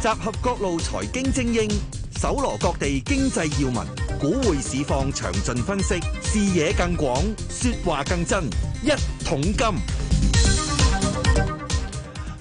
集合各路財經精英，搜羅各地經濟要聞，股匯市況詳盡分析，視野更廣，說話更真。一桶金，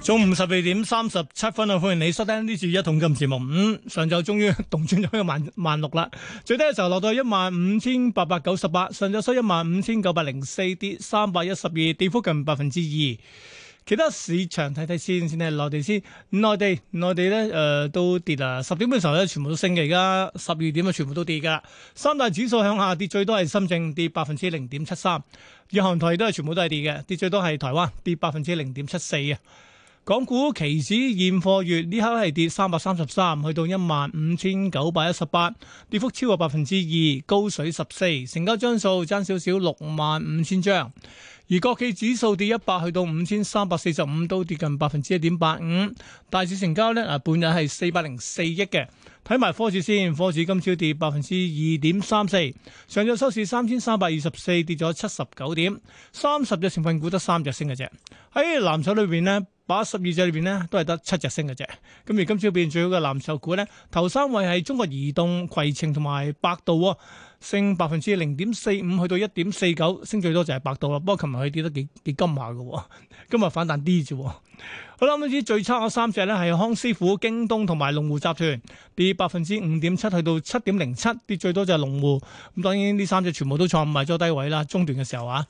中午十二點三十七分啊！歡迎你收聽呢次一桶金節目。五、嗯。上晝終於動轉咗一個萬萬六啦，最低嘅時候落到一萬五千八百九十八，上晝收一萬五千九百零四，跌三百一十二，跌幅近百分之二。其他市場睇睇先，先睇內地先。內地內地咧，誒、呃、都跌啊。十點半時候咧，全部都升嘅，而家十二點啊，全部都跌噶。三大指數向下跌最多係深圳跌百分之零點七三，日韓台都係全部都係跌嘅，跌最多係台，台灣跌百分之零點七四啊。港股期指現貨月呢刻係跌三百三十三，去到一萬五千九百一十八，跌幅超過百分之二，高水十四，成交張數爭少少六萬五千張。而國企指數跌一百，去到五千三百四十五，都跌近百分之一點八五。大市成交呢，啊，本日係四百零四億嘅。睇埋科指先，科指今朝跌百分之二點三四，上晝收市三千三百二十四，跌咗七十九點，三十隻成分股得三隻升嘅啫。喺藍籌裏邊呢。把十二隻裏邊咧，都係得七隻升嘅啫。咁而今朝入最好嘅藍籌股呢，頭三位係中國移動、携程同埋百度升百分之零點四五，去到一點四九，升最多就係百度啦。不過琴日佢跌得幾幾金下嘅，今日反彈啲啫。好啦，咁啲最差嗰三隻呢，係康師傅、京東同埋龍湖集團，跌百分之五點七，去到七點零七，跌最多就係龍湖。咁當然呢三隻全部都創埋咗低位啦，中段嘅時候啊。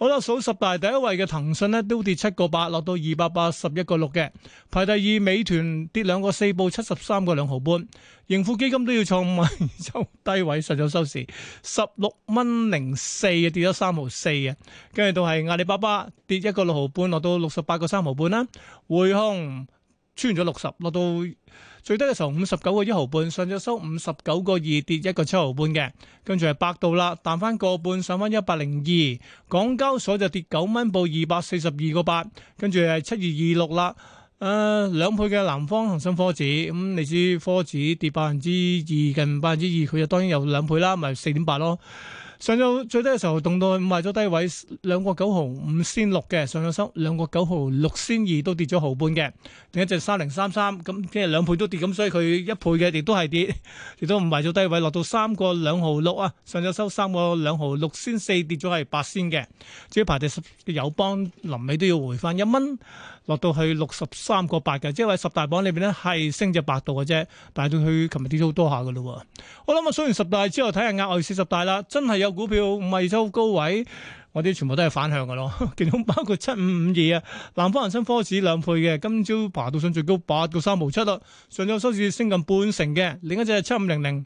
好啦，數十大第一位嘅騰訊咧，都跌七個八，落到二百八十一個六嘅。排第二美團跌兩個四，報七十三個兩毫半。盈富基金都要創五年新低位，上咗收市十六蚊零四，04，跌咗三毫四嘅。跟住到係阿里巴巴跌一個六毫半，落到六十八個三毫半啦。匯控穿咗六十，落到。最低嘅時候五十九個一毫半，上咗收五十九個二，跌一個七毫半嘅，跟住係百度啦，彈翻個半，上翻一百零二，港交所就跌九蚊，報二百四十二個八，跟住係七月二六七二二六啦，誒兩倍嘅南方恒生科指，咁、嗯、你知科指跌百分之二，近百分之二，佢就當然有兩倍啦，咪四點八咯。上週最低嘅時候，動到賣咗低位兩個九毫五先六嘅，上晝收兩個九毫六先二都跌咗毫半嘅。另一隻三零三三咁，即係兩倍都跌咁，所以佢一倍嘅亦都係跌，亦都唔賣咗低位，落到三個兩毫六啊，上晝收三個兩毫六先四，跌咗係八先嘅。至於排第十友邦臨尾都要回翻一蚊。落到去六十三個八嘅，即係話十大榜裏邊咧係升隻百度嘅啫，但係到去琴日跌咗好多下嘅咯。我諗啊，雖然十大之後睇下額外四十大啦，真係有股票唔係收高位，我啲全部都係反向嘅咯。其 中包括七五五二啊，南方恆生科指兩倍嘅，今朝爬到上最高八個三毫七啦，上晝收市升近半成嘅。另一隻係七五零零，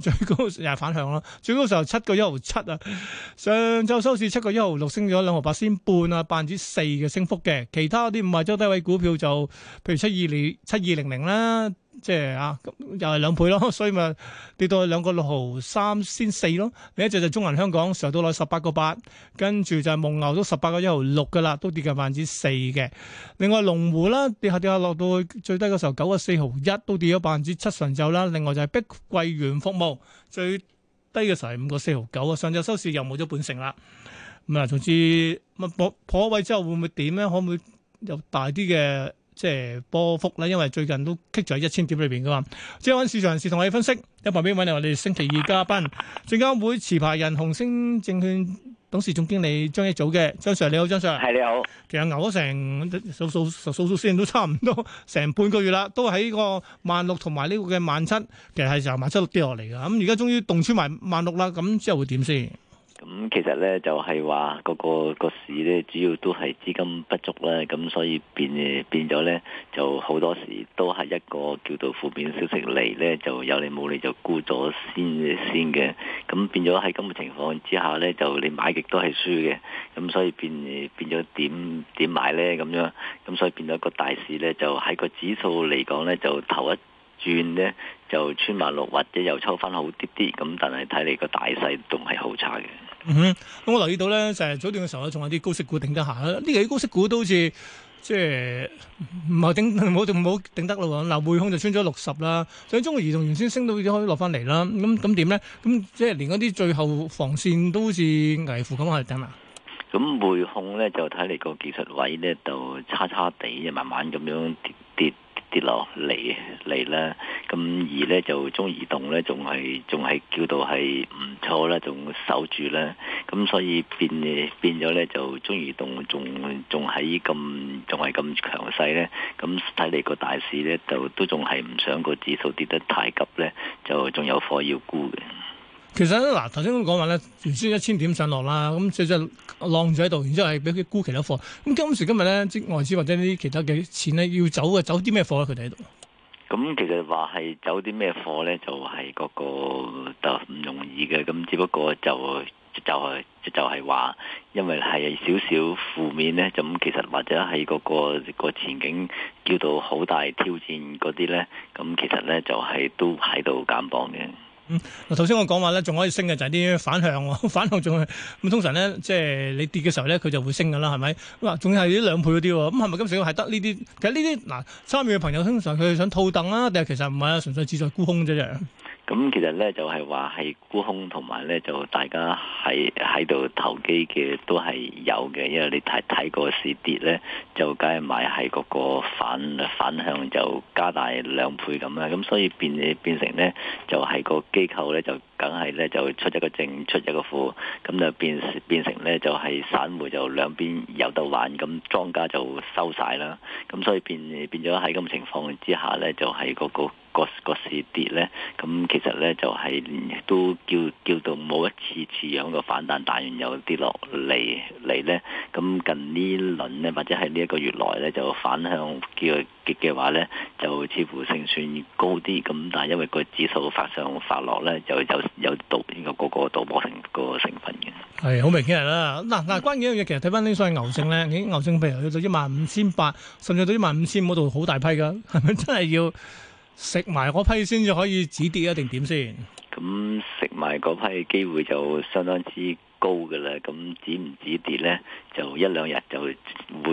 最高又係反向咯，最高時候七個一毫七啊，上周收市七個一毫六，升咗兩毫八仙半啊，百分之四嘅升幅嘅，其他啲五位、中低位股票就，譬如七二零、七二零零啦。即係啊，又係兩倍咯，所以咪跌到去兩個六毫三先四咯。另一隻就中銀香港上到落去十八個八，常常 8, 跟住就係蒙牛都十八個一毫六噶啦，都跌近百分之四嘅。另外龍湖啦，跌下跌下落到去最低嘅時候九個四毫一，都跌咗百分之七上晝啦。另外就係碧桂園服務最低嘅時候五個四毫九啊，上晝收市又冇咗半成啦。咁啊，總之破破位之後會唔會點咧？可唔可以有大啲嘅？即係波幅咧，因為最近都棘喺一千點裏邊噶嘛。即係揾市場人士同我哋分析一百 m 位 l 我哋星期二嘉賓證監會持牌人紅星證券董事總經理張益祖嘅張 Sir 你好，張 Sir 係你好。其實牛咗成數數數數先都差唔多成半個月啦，都喺個萬六同埋呢個嘅萬七，其實係時候萬七六跌落嚟噶。咁而家終於動穿埋萬六啦，咁之後會點先？咁其實咧就係話個個市咧主要都係資金不足啦，咁所以變變咗咧就好多時都係一個叫做負面消息嚟咧，就有利冇利就沽咗先先嘅，咁變咗喺咁嘅情況之下咧，就你買極都係輸嘅，咁所以變變咗點點買咧咁樣，咁所以變咗個大市咧就喺個指數嚟講咧就頭一轉咧。又穿埋六，或者又抽翻好啲啲，咁但係睇嚟個大勢仲係好差嘅。嗯哼，我留意到咧，就係早段嘅時候咧，仲有啲高息股頂得下啦。呢幾高息股都好似即係唔係頂，唔好唔好頂得咯。嗱，匯控就穿咗六十啦，所以中國移動原先升到已經可以落翻嚟啦。咁咁點咧？咁即係連嗰啲最後防線都好似危乎咁係等啊？咁匯控咧就睇嚟個技術位咧就差差地，就慢慢咁樣。跌落嚟嚟啦。咁而呢，就中移動呢，仲係仲係叫到係唔錯啦，仲守住啦。咁所以變變咗呢，就中移動仲仲係咁仲係咁強勢呢。咁睇嚟個大市呢，就都仲係唔想個指數跌得太急呢，就仲有貨要沽嘅。其實咧，嗱頭先都講話咧，原先一千點上落啦，咁即係浪咗喺度，然之後係俾佢沽其他貨。咁、嗯、今時今日咧，即外資或者呢啲其他嘅錢咧，要走嘅走啲咩貨咧？佢哋喺度。咁、嗯、其實話係走啲咩貨咧？就係、係、嗰、嗰個就唔容易嘅。咁只不過就就就係話、就係，因為係少少負面咧，咁其實或者係嗰、嗰個前景叫到好大挑戰嗰啲咧，咁其實咧就係、係、都喺度減磅嘅。嗯，嗱，頭先我講話咧，仲可以升嘅就係啲反向，反向仲係，咁通常咧，即係你跌嘅時候咧，佢就會升噶啦，係咪？哇，仲要係啲兩倍嗰啲，咁係咪今時係得呢啲？其實呢啲嗱，參與嘅朋友通常佢想套凳啊，定係其實唔係啊，純粹志在沽空啫啫。咁其實咧就係話，係沽空同埋咧，就大家係喺度投機嘅都係有嘅，因為你睇睇個市跌咧，就梗係買係嗰個反反向就加大兩倍咁啦，咁所以變變成咧就係、是、個機構咧就。梗係咧就出一個正出一個負，咁就變變成咧就係散戶就兩邊有得玩，咁莊家就收晒啦。咁所以變變咗喺咁情況之下咧，就係、是那個個個個市跌咧。咁其實咧就係都叫叫到冇一次次樣個反彈，但完又跌落嚟嚟咧。咁近呢輪咧，或者係呢一個月內咧，就反向叫。嘅話咧，就似乎勝算高啲咁，但係因為個指數發上發落咧，就有有導有個個賭博成個成分嘅，係好明顯係啦。嗱嗱，關鍵一樣嘢，其實睇翻呢，所謂牛證咧，牛證譬如去到一萬五千八，甚至到一萬五千，度好大批噶，係咪真係要食埋嗰批先至可以止跌啊？定點先？咁食埋嗰批機會就相當之高嘅啦，咁止唔止跌咧？就一兩日就會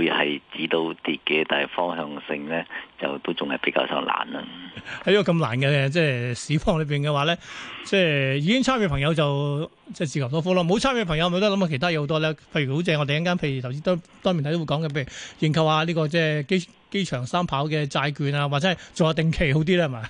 係止到跌嘅，但係方向性咧就都仲係比較上難啦。喺呢個咁難嘅即係市況裏邊嘅話咧，即係已經參與朋友就即係自求多福咯。冇參與朋友咪都諗下其他嘢好多咧。譬如好似我哋一間，譬如投資多多面睇都會講嘅，譬如認購下呢、這個即係機機場三跑嘅債券啊，或者係做下定期好啲咧，係咪？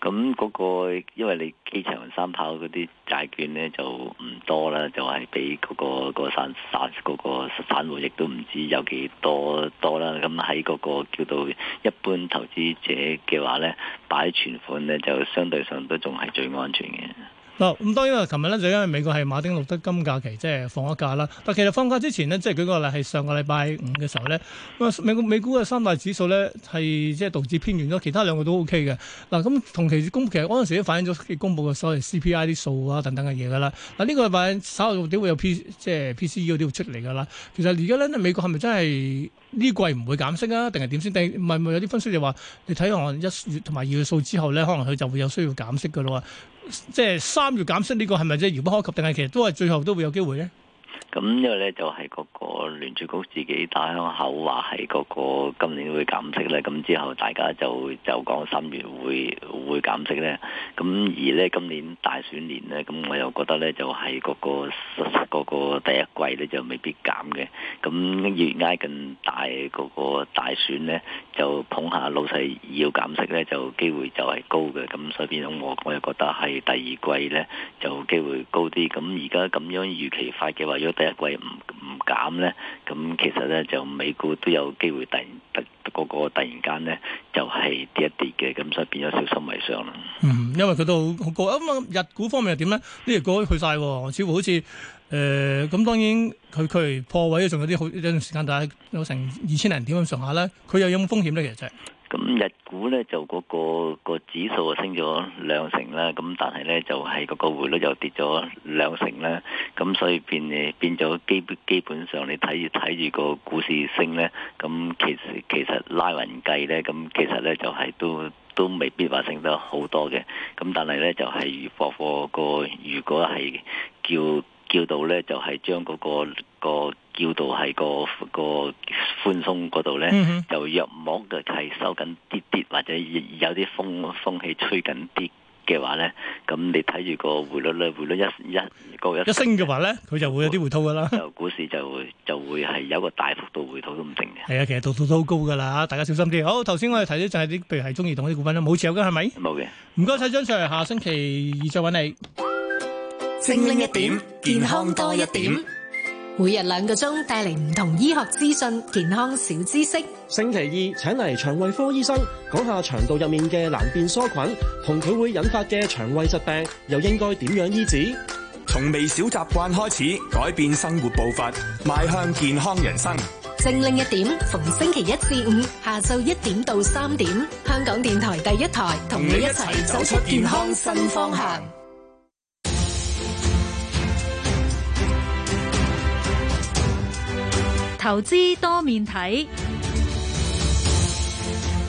咁嗰個，因為你機場三跑嗰啲債券咧就唔多啦，就係俾嗰個嗰個散散嗰個散戶亦都唔知有幾多多啦。咁喺嗰個叫做一般投資者嘅話咧，擺存款咧就相對上都仲係最安全嘅。嗱，咁當然啦，琴日咧就因為美國係馬丁路德金假期，即係放咗假啦。但其實放假之前呢，即係舉個例係上個禮拜五嘅時候咧，咁啊美國美股嘅三大指數咧係即係導致偏軟咗，其他兩個都 O K 嘅。嗱、啊，咁同期公其實嗰陣時都反映咗佢公佈嘅所謂 C P I 啲數啊等等嘅嘢啦。嗱、啊，呢、呢個禮拜稍後會點會有 P 即係 P C E 嗰啲會出嚟噶啦。其實而家咧，美國係咪真係呢季唔會減息啊？定係點先？定唔係？有啲分析就話你睇下我一月同埋二月數之後咧，可能佢就會有需要減息噶啦。即係三月減息呢個係咪即係遙不可及，定係其實都係最後都會有機會咧？咁因為咧就係嗰個聯儲局自己打響口話係嗰個今年會減息咧，咁之後大家就就講三月會會減息咧。咁而咧今年大選年咧，咁我又覺得咧就係嗰個嗰個第一季咧就未必減嘅。咁越挨近大嗰個大選咧，就捧下老細要減息咧，就機會就係高嘅。咁所以變咗我我又覺得係第二季咧就機會高啲。咁而家咁樣預期快嘅話，如果第一季唔唔減咧，咁其實咧就美股都有機會突然突個，個個突然間咧就係跌一跌嘅，咁所以變咗小心為上啦。嗯，因為佢都好高啊。日股方面又點咧？呢日股去曬，似乎好似誒咁。當然佢佢破位，仲有啲好有段時間，但係有成二千零點咁上下啦。佢又有冇風險咧？其實？咁日股咧就嗰個個指數啊升咗兩成啦，咁但係咧就係嗰個匯率又跌咗兩成啦。咁所以變誒變咗基本基本上你睇住睇住個股市升咧，咁其實其實拉勻計咧，咁其實咧就係都都未必話升得好多嘅，咁但係咧就係如果個如果係叫叫到咧就係將嗰個個叫到係個個寬鬆嗰度咧，就約莫嘅係收緊啲啲，或者有啲風風氣吹緊啲嘅話咧，咁你睇住個匯率咧，匯率一一高一、嗰個、一升嘅話咧，佢就會有啲回吐噶啦。咁股市就會就會係有一個大幅度回吐都唔定嘅。係啊，其實度度都好高噶啦，大家小心啲。好，頭先我哋提咗就係啲，譬如係中意同啲股份啦。冇持有噶係咪？冇嘅。唔該晒張 Sir，下星期二再搵你。精靈一點，健康多一點。每日兩個鐘，帶嚟唔同醫學資訊、健康小知識。星期二，請嚟腸胃科醫生講下腸道入面嘅難辨梭菌同佢會引發嘅腸胃疾病，又應該點樣醫治？從微小習慣開始，改變生活步伐，邁向健康人生。精靈一點，逢星期一至五下晝一點到三點，香港電台第一台，同你一齊走出健康新方向。投資多面體，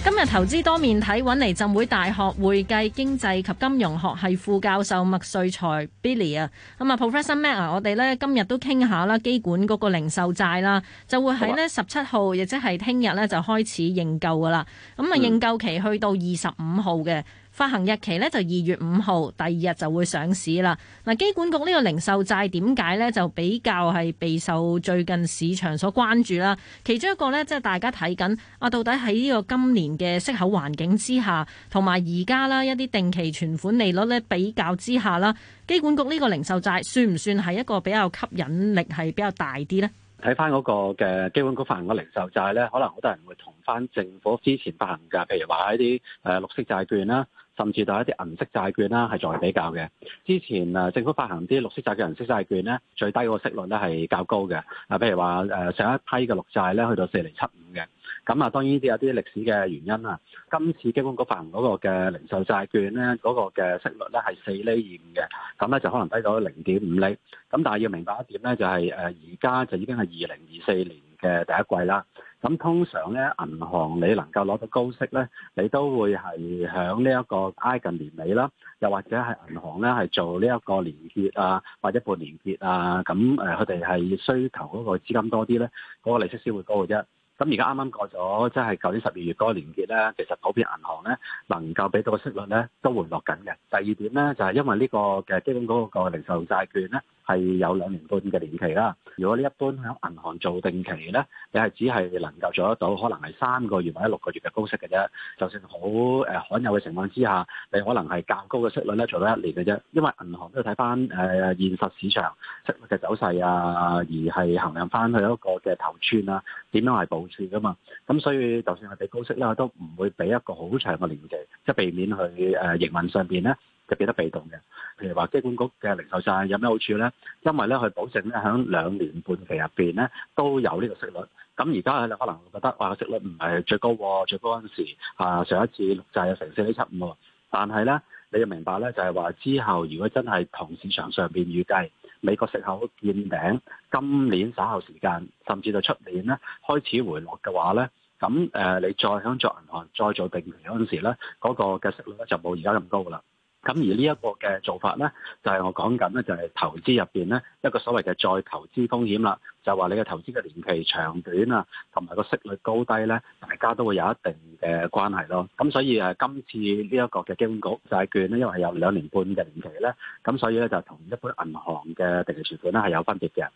今日投資多面體搵嚟浸會大學會計經濟及金融學系副教授麥瑞才 Billy 啊，咁、嗯、啊 Professor Mac 啊，我哋咧今日都傾下啦，機管嗰個零售債啦，就會喺呢十七號，亦即係聽日咧就開始認購噶啦，咁、嗯、啊、嗯、認購期去到二十五號嘅。發行日期呢，就二月五號，第二日就會上市啦。嗱，機管局呢個零售債點解呢？就比較係備受最近市場所關注啦，其中一個呢，即係大家睇緊啊，到底喺呢個今年嘅息口環境之下，同埋而家啦一啲定期存款利率咧比較之下啦，機管局呢個零售債算唔算係一個比較吸引力係比較大啲呢？睇翻嗰個嘅機管局發行嘅零售債呢，可能好多人會同翻政府之前發行嘅，譬如話一啲誒綠色債券啦。甚至到一啲銀色債券啦，係作為比較嘅。之前誒、呃、政府發行啲綠色債券、銀色債券咧，最低個息率咧係較高嘅。啊，譬如話誒上一批嘅綠債咧，去到四厘七五嘅。咁啊，當然呢啲有啲歷史嘅原因啊。今次經管局發行嗰個嘅零售債券咧，嗰、那個嘅息率咧係四厘二五嘅。咁咧就可能低到零點五厘。咁但係要明白一點咧、就是，就係誒而家就已經係二零二四年嘅第一季啦。咁通常咧，銀行你能夠攞到高息咧，你都會係響呢一個挨近年尾啦，又或者係銀行咧係做呢一個年結啊，或者半年結啊，咁誒佢哋係需求嗰個資金多啲咧，嗰、嗰個利息先會高嘅啫。咁而家啱啱過咗，即係舊年十二月嗰個年結咧，其實普遍銀行咧能夠俾到嘅息率咧都回落緊嘅。第二點咧，就係、係、因為呢個嘅基本嗰個零售債券咧。係有兩年半嘅年期啦。如果你一般喺銀行做定期咧，你係只係能夠做得到可能係三個月或者六個月嘅高息嘅啫。就算好誒罕有嘅情況之下，你可能係較高嘅息率咧，做咗一年嘅啫。因為銀行都要睇翻誒現實市場息率嘅走勢啊，而係衡量翻佢一個嘅頭寸啊點樣係保存噶嘛。咁所以就算係俾高息啦，都唔會俾一個好長嘅年期，即係避免佢誒營運上邊咧。特變得被動嘅，譬如話機管局嘅零售債有咩好處咧？因為咧佢保證咧喺兩年半期入邊咧都有呢個息率。咁而家可能覺得話個息率唔係最高喎，最高嗰陣時啊，上一次就係成四厘七五。但係咧你要明白咧，就係話之後如果真係同市場上邊預計美國息口見頂，今年稍後時間甚至到出年咧開始回落嘅話咧，咁誒你再響作銀行再做定期嗰陣時咧，嗰個嘅息率咧就冇而家咁高噶啦。咁而呢一個嘅做法呢，就係我講緊呢，就係投資入邊呢，一個所謂嘅再投資風險啦，就話你嘅投資嘅年期長短啊，同埋個息率高低呢，大家都會有一定嘅關係咯。咁所以誒，今次呢一個嘅基本局債券呢，因為有兩年半嘅年期呢，咁所以呢，就同一般銀行嘅定期存款呢係有分別嘅。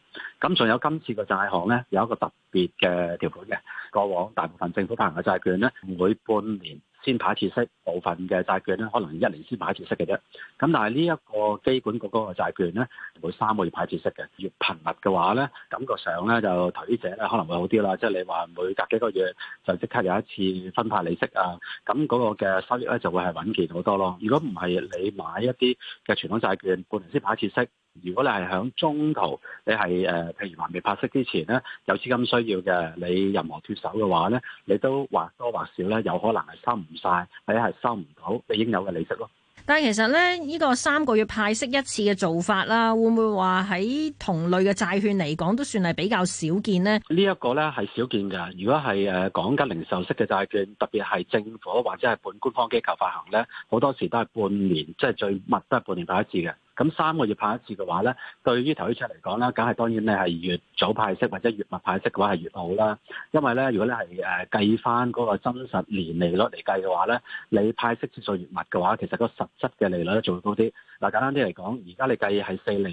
咁仲有今次個債項咧，有一個特別嘅條款嘅。過往大部分政府發行嘅債券咧，每半年先派一次息，部分嘅債券咧，可能一年先派一次息嘅啫。咁但係呢一個基本嗰個債券咧，每三個月派一次息嘅。越頻密嘅話咧，感覺上咧就投資者咧可能會好啲啦。即係你話每隔幾個月就即刻有一次分派利息啊，咁嗰個嘅收益咧就會係穩健好多咯。如果唔係你買一啲嘅傳統債券，半年先派一次息。如果你係喺中途，你係誒、呃，譬如還未派息之前咧，有資金需要嘅，你任何脫手嘅話咧，你都或多或少咧，有可能係收唔晒，或者係收唔到你應有嘅利息咯。但係其實咧，呢、這個三個月派息一次嘅做法啦，會唔會話喺同類嘅債券嚟講都算係比較少見呢？呢一個咧係少見嘅。如果係誒講緊零售式嘅債券，特別係政府或者係本官方機構發行咧，好多時都係半年，即係最密都係半年派一次嘅。咁三個月派一次嘅話咧，對於投資者嚟講咧，梗係當然咧係越早派息或者越密派息嘅話係越好啦。因為咧，如果你係誒計翻嗰個真實年利率嚟計嘅話咧，你派息次數越密嘅話，其實嗰實質嘅利率咧就會高啲。嗱，簡單啲嚟講，而家你計係四厘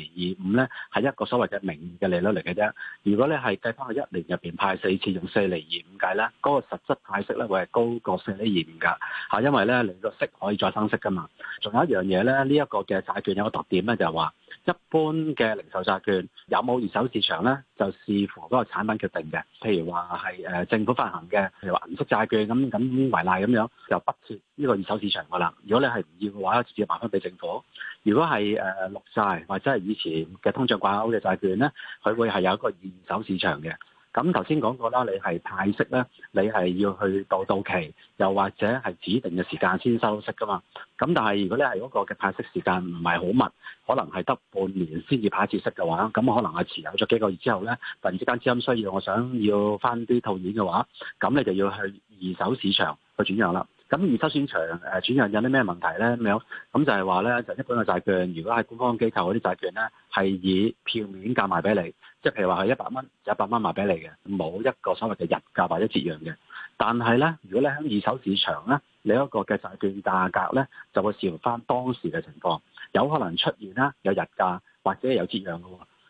二五咧，係一個所謂嘅名義嘅利率嚟嘅啫。如果你係計翻去一年入邊派四次，用四厘二五計咧，嗰個實質派息咧會係高過四厘二五㗎嚇，因為咧你個息可以再生息㗎嘛。仲有一樣嘢咧，呢一個嘅債券有一個特點。點咧就係話，一般嘅零售債券有冇二手市場咧，就視乎嗰個產品決定嘅。譬如話係誒政府發行嘅，譬如話銀色債券咁咁為例咁樣，就不設呢個二手市場噶啦。如果你係唔要嘅話，直接賣翻俾政府。如果係誒綠債或者係以前嘅通脹掛鈎嘅債券咧，佢會係有一個二手市場嘅。咁頭先講過啦，你係派息咧，你係要去到到期，又或者係指定嘅時間先收息㗎嘛。咁但係如果你係嗰個嘅派息時間唔係好密，可能係得半年先至派一次息嘅話，咁可能係持有咗幾個月之後咧，突然之間資金需要，我想要返啲套現嘅話，咁你就要去二手市場去轉讓啦。咁二手市場誒轉讓有啲咩問題咧咁樣？咁就係話咧，就一般嘅債券，如果係官方機構嗰啲債券咧，係以票面價賣俾你，即係譬如話係一百蚊，一百蚊賣俾你嘅，冇一個所謂嘅日價或者折讓嘅。但係咧，如果咧喺二手市場咧，你一個嘅債券價格咧就會視乎翻當時嘅情況，有可能出現啦，有日價或者有折讓嘅。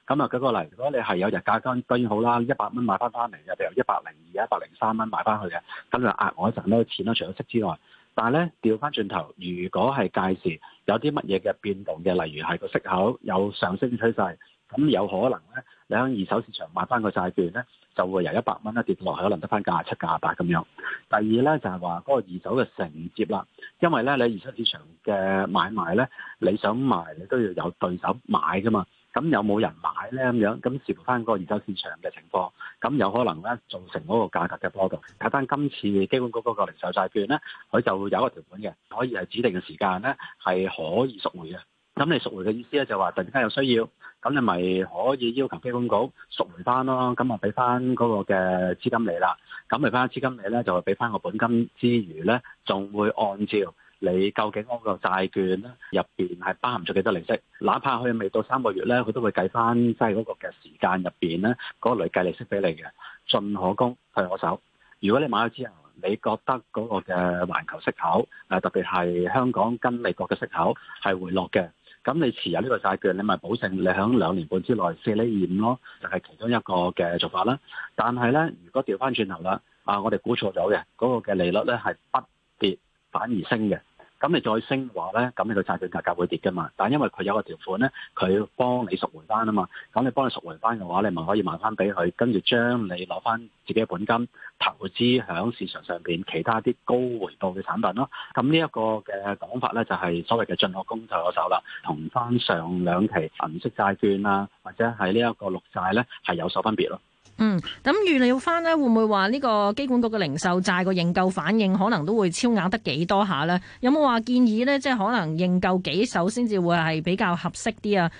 咁啊，舉個例，如果你係有日價，當然好啦，一百蚊買翻翻嚟，譬如一百零二、一百零三蚊買翻去嘅，咁就壓我一陣咧錢啦，除咗息之外。但係咧，調翻轉頭，如果係屆時有啲乜嘢嘅變動嘅，例如係個息口有上升趨勢，咁有可能咧，你喺二手市場買翻個債券咧，就會由一百蚊咧跌落去，可能得翻九十七、九十八咁樣。第二咧就係話嗰個二手嘅承接啦，因為咧你喺二手市場嘅買賣咧，你想賣你都要有對手買噶嘛。咁有冇人買呢？咁樣咁視乎翻個二手市場嘅情況，咁有可能呢造成嗰個價格嘅波動。睇翻今次機管局嗰個零售債券呢，佢就會有一個條款嘅，可以係指定嘅時間呢，係可以贖回嘅。咁你贖回嘅意思呢、就是，就話突然間有需要，咁你咪可以要求機管局贖回翻咯。咁啊俾翻嗰個嘅資金你啦。咁咪翻啲資金你呢，就會俾翻個本金之餘呢，仲會按照。你究竟嗰個債券咧入邊係包含咗幾多利息？哪怕佢未到三個月咧，佢都會計翻即係嗰個嘅時間入邊咧，嗰個累計利息俾你嘅，進可攻退可守。如果你買咗之後，你覺得嗰個嘅環球息口啊，特別係香港跟美國嘅息口係回落嘅，咁你持有呢個債券，你咪保證你喺兩年半之內四厘二五咯，就係其中一個嘅做法啦。但係咧，如果調翻轉頭啦，啊，我哋估錯咗嘅嗰個嘅利率咧係不跌反而升嘅。咁你再升嘅話咧，咁你個債券價格會跌噶嘛？但因為佢有個條款咧，佢幫你贖回翻啊嘛。咁你幫你贖回翻嘅話，你咪可以賣翻俾佢，跟住將你攞翻自己嘅本金投資喺市場上邊其他啲高回報嘅產品咯。咁呢一個嘅講法咧，就係、是、所謂嘅進口攻在我手啦，同翻上兩期銀色債券啊，或者係呢一個綠債咧，係有所分別咯。嗯，咁預料翻咧，會唔會話呢個機管局嘅零售債個認購反應可能都會超額得幾多下咧？有冇話建議咧，即係可能認購幾手先至會係比較合適啲啊？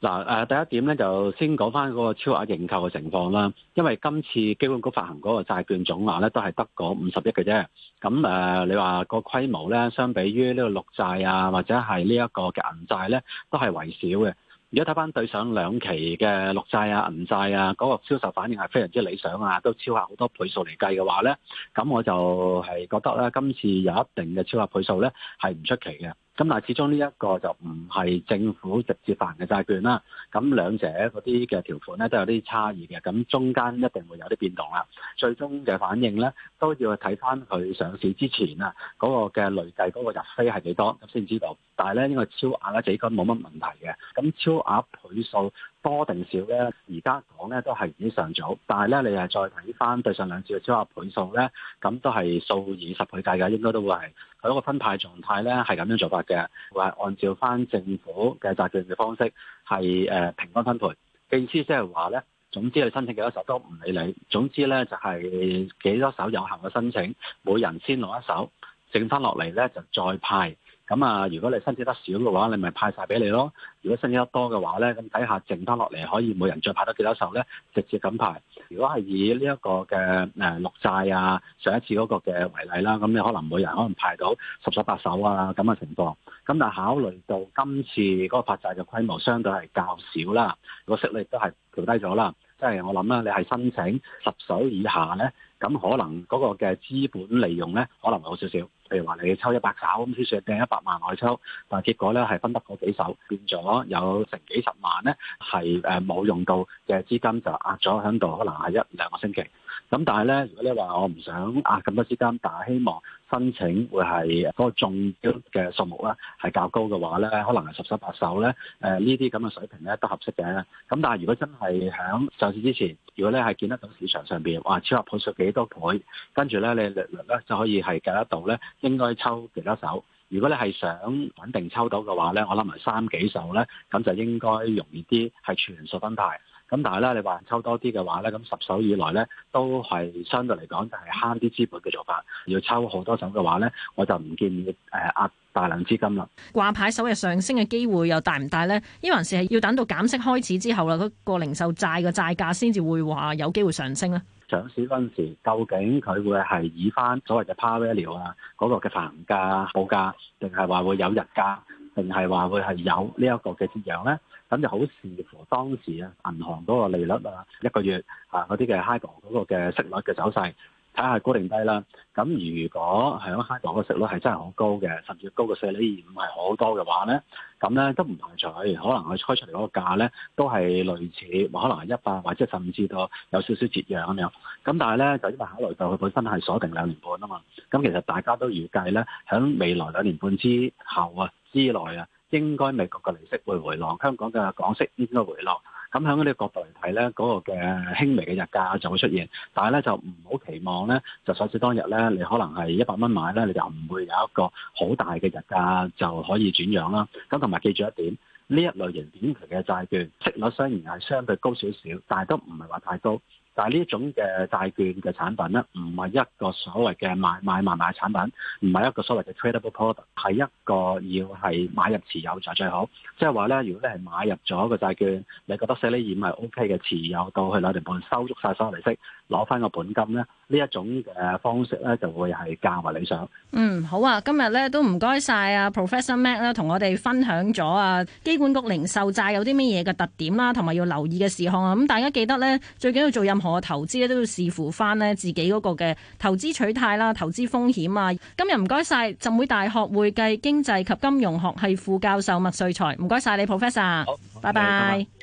嗱，誒第一點咧就先講翻嗰個超額認購嘅情況啦，因為今次機管局發行嗰個債券總額咧都係得嗰五十億嘅啫。咁誒，你話個規模咧，相比於呢個綠債啊，或者係呢一個銀債咧，都係為少嘅。而家睇返對上兩期嘅綠債啊、銀債啊，嗰個銷售反應係非常之理想啊，都超額好多倍數嚟計嘅話咧，咁我就係覺得咧，今次有一定嘅超額倍數咧，係唔出奇嘅。咁嗱，但始終呢一個就唔係政府直接發嘅債券啦。咁兩者嗰啲嘅條款咧都有啲差異嘅，咁中間一定會有啲變動啦。最終嘅反應咧都要睇翻佢上市之前啊嗰、嗰個嘅累計嗰個入飛係幾多咁先知道。但係咧呢個超額資金冇乜問題嘅，咁超額倍數，多定少咧，而家講咧都係以上早，但係咧你係再睇翻對上兩次嘅超額倍數咧，咁都係數以十倍計嘅，應該都會係佢嗰個分派狀態咧係咁樣做法嘅，會係按照翻政府嘅債券嘅方式係誒、呃、平均分配，嘅意思即係話咧，總之你申請幾多手都唔理你，總之咧就係、是、幾多手有效嘅申請，每人先攞一手，剩翻落嚟咧就再派。咁啊、嗯，如果你申請得少嘅話，你咪派晒俾你咯；如果申請得多嘅話咧，咁睇下剩低落嚟可以每人再派得幾多手咧，直接咁派。如果係以呢一個嘅誒綠債啊上一次嗰個嘅為例啦，咁你可能每人可能派到十手八手啊咁嘅情況。咁但係考慮到今次嗰個發債嘅規模相對係較少啦，個息率都係調低咗啦。即係我諗啦，你係申請十手以下咧，咁可能嗰個嘅資本利用咧，可能會好少少。譬如話你抽一百手咁，先算掟一百萬去抽，但係結果咧係分得嗰幾手變咗有成幾十萬咧，係誒冇用到嘅資金就壓咗喺度，可能係一兩個星期。咁但係咧，如果你話我唔想壓咁、啊、多資金，但係希望申請會係嗰個中標嘅數目咧係較高嘅話咧，可能係十手八手咧，誒呢啲咁嘅水平咧都合適嘅。咁但係如果真係喺上市之前，如果咧係見得到市場上邊話超額倍數幾多倍，跟住咧你利率咧就可以係計得到咧應該抽幾多手。如果你係想穩定抽到嘅話咧，我諗埋三幾手咧，咁就應該容易啲係全數分派。咁但係咧，你話抽多啲嘅話咧，咁十手以來咧都係相對嚟講就係慳啲資本嘅做法。要抽好多手嘅話咧，我就唔建議誒壓、呃、大量資金啦。掛牌首日上升嘅機會又大唔大咧？呢回事係要等到減息開始之後啦，嗰個零售債嘅債價先至會話有機會上升咧。上市嗰陣時，究竟佢會係以返所謂嘅 par value 啊嗰個嘅行價報價，定係話會有日價？定係話會係有呢一個嘅折讓咧，咁就好視乎當時啊銀行嗰個利率啊，一個月啊嗰啲嘅 high bor 嗰個嘅息率嘅走勢。睇下高定低啦，咁如果係喺香港嘅息率係真係好高嘅，甚至高過四厘二五係好多嘅話咧，咁咧都唔排除可能佢猜出嚟嗰個價咧都係類似，可能係一百或者甚至到有少少折讓咁樣。咁但係咧就因為考慮到佢本身係鎖定兩年半啊嘛，咁其實大家都預計咧喺未來兩年半之後啊之內啊，應該美國嘅利息會回落，香港嘅港息應該回落。咁喺呢個角度嚟睇咧，嗰、嗰個嘅輕微嘅日價就會出現，但係咧就唔好期望咧，就上市當日咧，你可能係一百蚊買咧，你就唔會有一個好大嘅日價就可以轉讓啦。咁同埋記住一點，呢一類型短期嘅債券息率雖然係相對高少少，但係都唔係話太高。但係呢種嘅債券嘅產品咧，唔係一個所謂嘅買，買買賣賣產品，唔係一個所謂嘅 tradable product，係一個要係買入持有就最好。即係話咧，如果你係買入咗個債券，你覺得四厘二係 OK 嘅，持有到去兩年半收足晒所有利息，攞翻個本金咧。呢一種嘅方式咧，就會係較為理想。嗯，好啊，今日咧都唔該晒啊，Professor Mac 咧同我哋分享咗啊，機管局零售債有啲乜嘢嘅特點啦，同埋要留意嘅事項啊。咁、嗯、大家記得咧，最緊要做任何投資咧，都要視乎翻呢自己嗰個嘅投資取態啦、投資風險啊。今日唔該晒浸會大學會計經濟及金融學系副教授麥瑞才，唔該晒你，Professor 好拜、嗯。拜拜。拜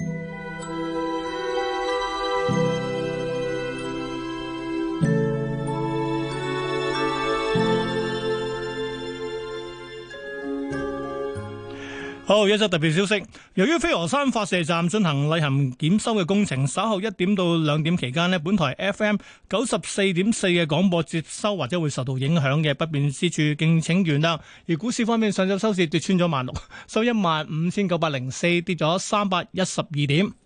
拜。好，一則特別消息。由於飛鵝山發射站進行例行檢修嘅工程，稍後一點到兩點期間呢，本台 FM 九十四點四嘅廣播接收或者會受到影響嘅，不便之處敬請見諒。而股市方面，上晝收市跌穿咗萬六，收一萬五千九百零四，跌咗三百一十二點。